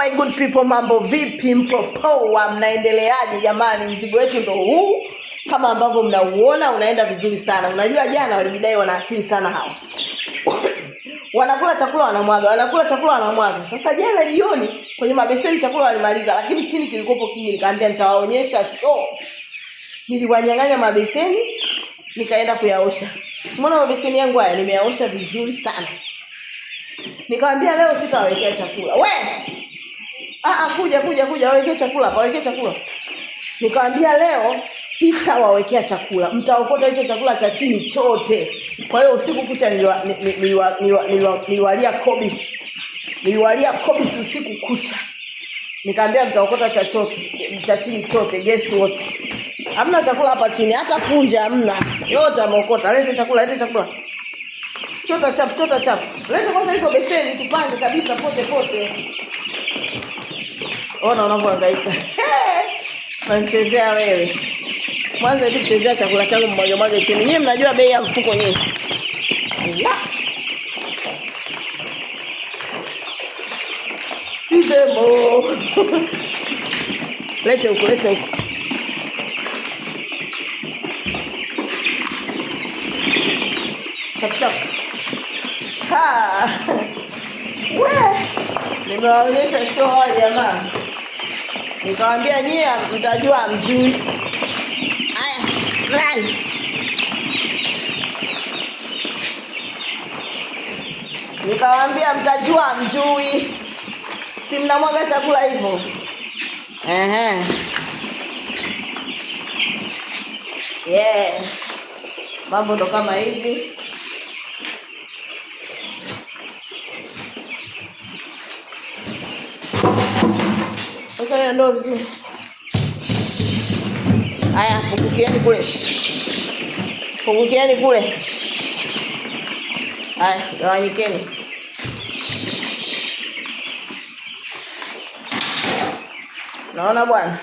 my good people, mambo vipi? Mpo poa, mnaendeleaje jamani? Mzigo wetu ndo huu kama ambavyo mnauona unaenda vizuri sana. Unajua jana walijidai wana akili sana hawa wanakula chakula wanamwaga, wanakula chakula wanamwaga. Sasa jana jioni kwenye mabeseni chakula walimaliza, lakini chini kilikopo kingi, nikaambia nitawaonyesha show. Niliwanyang'anya mabeseni nikaenda kuyaosha. Umeona mabeseni yangu haya nimeyaosha vizuri sana, nikawambia leo sitawawekea chakula we Ah, ah, kuja kuja kuja, wawekee chakula hapa, wawekee chakula. Nikamwambia leo sitawawekea chakula, mtaokota hicho chakula cha chini chote. Kwa hiyo usiku kucha niliwalia kobis niliwalia kobis usiku kucha. Nikaambia mtaokota cha chote cha chini chote, guess what, hamna chakula hapa chini, hata punje hamna, yote ameokota. Lete chakula, lete chakula, chota chap, chota chap, lete kwanza hizo beseni tupange kabisa pote pote. Ona unavyohangaika namchezea wewe. mwanza hivi kuchezea chakula changu mmoja mmoja chini. nyie mnajua bei ya mfuko nyinyi. Si demo. Lete huko, lete huko. Ha. Nimewaonyesha show jamaa. Nikawambia nyie mtajua mzuri. aya run. Nikawambia mtajua mjui, si mnamwaga chakula hivyo. Ehe. Yeah. Mambo ndo kama hivi. na ndoo vizuri. Haya, pungukieni kule, pungukieni kule. Haya, gawanyikeni. Naona bwana,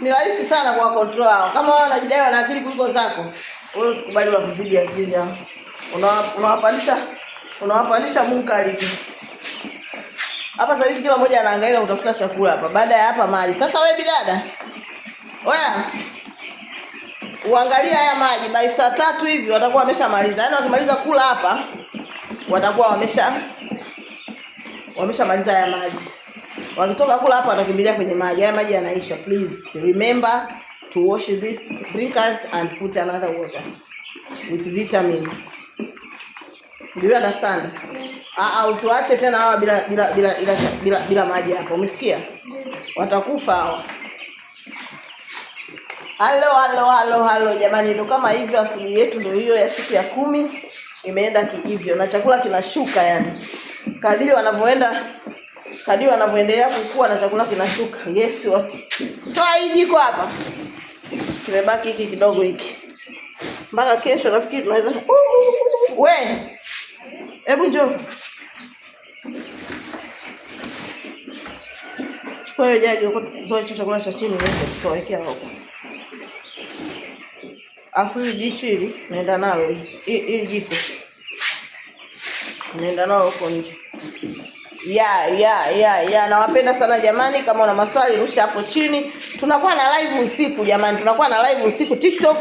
ni rahisi sana kwa control hao. Kama wao wanajidai wana akili kuliko zako, wewe usikubali wa kuzidi akili yao. Unawapandisha, unawapandisha munkari hapa saizi kila mmoja anahangaika kutafuta chakula hapa, baada ya hapa maji. Sasa wewe bidada, wewe uangalie haya maji, bai saa tatu hivi watakuwa wameshamaliza. Yaani wakimaliza kula hapa watakuwa wamesha wameshamaliza haya maji. Wakitoka kula hapa watakimbilia kwenye maji. Haya maji yanaisha. Please remember to wash this drinkers and put another water with vitamin. Do you understand? Yes. Ah, ah, Usiwache tena hawa bila bila bila bila, bila bila maji hapo. Umesikia? Watakufa hawa. Halo halo halo halo jamani, ndo kama hivyo, asubuhi yetu ndio hiyo ya siku ya kumi imeenda kihivyo na chakula kinashuka, yani kadiri wanavyoenda kadiri wanavyoendelea kukua na chakula kinashuka. Yes what? Toa hii jiko hapa, kimebaki hiki kidogo hiki mpaka kesho, nafikiri tunaweza we Hebu njoo chukua hiyo jagi, huko, zoa hicho chakula cha chini tutawekea huko, afu hili dishi hili naenda nalo, hili jiko naenda nalo huko nje ya ya ya ya, nawapenda sana jamani. Kama una maswali rusha hapo chini. Tunakuwa na live usiku jamani, tunakuwa na live usiku TikTok.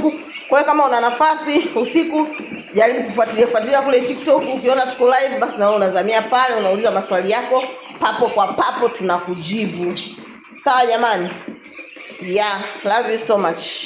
Kwa hiyo kama una nafasi usiku, jaribu kufuatilia fuatilia kule TikTok. Ukiona tuko live, basi na wewe unazamia pale, unauliza maswali yako papo kwa papo, tunakujibu. Sawa jamani, yeah, love you so much.